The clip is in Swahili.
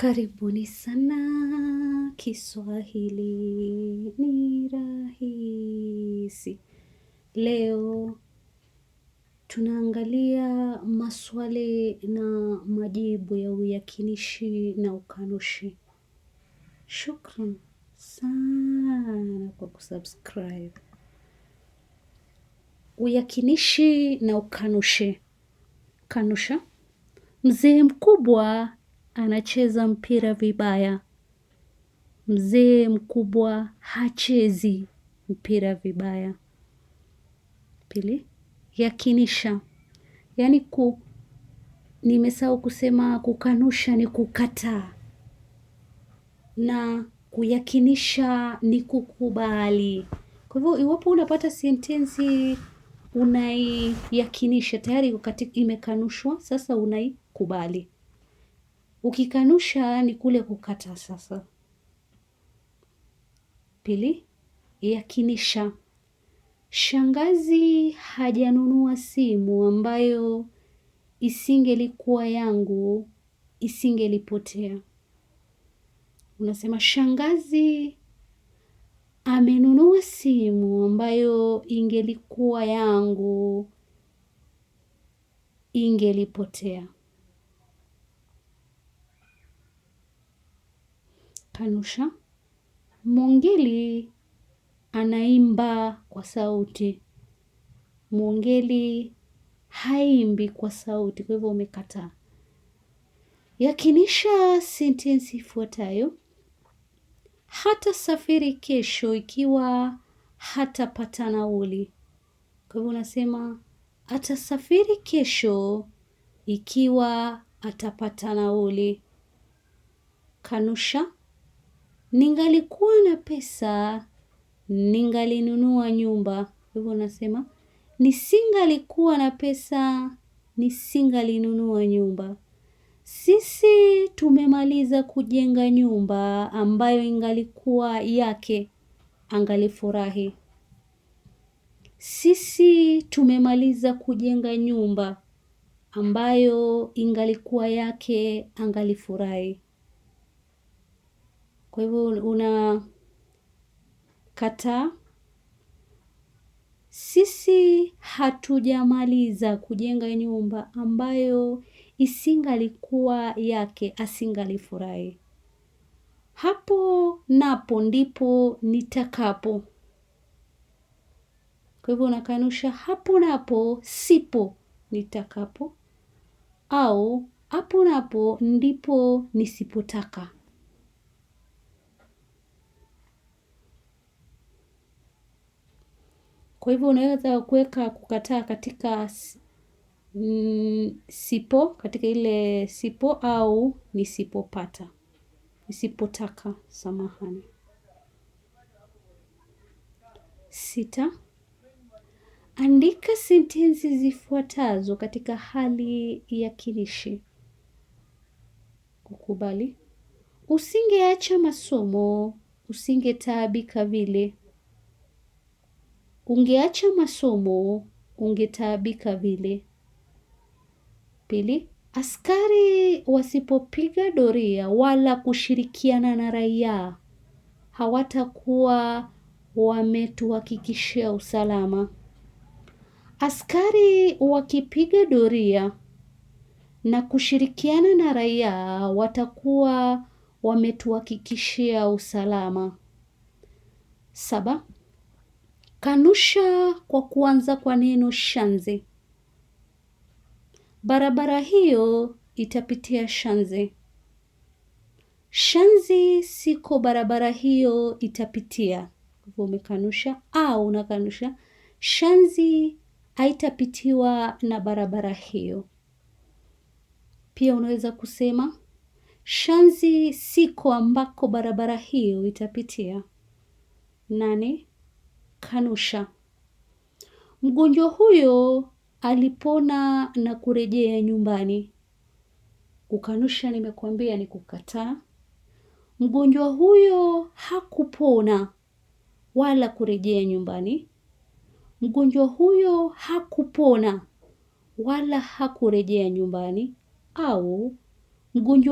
Karibuni sana kiswahili ni rahisi. Leo tunaangalia maswali na majibu ya uyakinishi na ukanushi. Shukran sana kwa kusubscribe. Uyakinishi na ukanushi. Kanusha. Mzee mkubwa anacheza mpira vibaya. Mzee mkubwa hachezi mpira vibaya. Pili, yakinisha, yaani ku nimesahau kusema kukanusha ni kukataa na kuyakinisha ni kukubali. Kwa hivyo iwapo unapata sentensi unaiyakinisha tayari wakati imekanushwa, sasa unaikubali. Ukikanusha ni kule kukata. Sasa pili, yakinisha. Shangazi hajanunua simu ambayo isingelikuwa yangu, isingelipotea. Unasema shangazi amenunua simu ambayo ingelikuwa yangu, ingelipotea. kanusha mwongeli anaimba kwa sauti, mwongeli haimbi kwa sauti, kwa hivyo umekataa. Yakinisha sentensi ifuatayo: hatasafiri kesho ikiwa hatapata nauli. Kwa hivyo unasema atasafiri kesho ikiwa atapata nauli. Kanusha Ningalikuwa na pesa, ningalinunua nyumba. Hivyo nasema, nisingalikuwa na pesa, nisingalinunua nyumba. Sisi tumemaliza kujenga nyumba ambayo ingalikuwa yake, angalifurahi. Sisi tumemaliza kujenga nyumba ambayo ingalikuwa yake, angalifurahi. Kwa hivyo kata Sisi hatujamaliza kujenga nyumba ambayo isingalikuwa yake asingalifurahi. Hapo napo ndipo nitakapo. Kwa hivyo unakanusha hapo napo sipo nitakapo au hapo napo ndipo nisipotaka. Kwa hivyo unaweza kuweka kukataa katika mm, sipo katika ile sipo au nisipopata, nisipotaka, samahani. Sita, andika sentensi zifuatazo katika hali ya kirishi. Kukubali: usingeacha masomo, usingetaabika vile. Ungeacha masomo, ungetaabika vile. Pili, askari wasipopiga doria wala kushirikiana na raia hawatakuwa wametuhakikishia usalama. Askari wakipiga doria na kushirikiana na raia watakuwa wametuhakikishia usalama. Saba, Kanusha kwa kuanza kwa neno Shanze. Barabara hiyo itapitia Shanze. Shanzi siko barabara hiyo itapitia. Umekanusha au unakanusha Shanzi haitapitiwa na barabara hiyo. Pia unaweza kusema Shanzi siko ambako barabara hiyo itapitia. Nane, kanusha. Mgonjwa huyo alipona na kurejea nyumbani. Kukanusha nimekuambia ni kukataa. Mgonjwa huyo hakupona wala kurejea nyumbani. Mgonjwa huyo hakupona wala hakurejea nyumbani au mgonjwa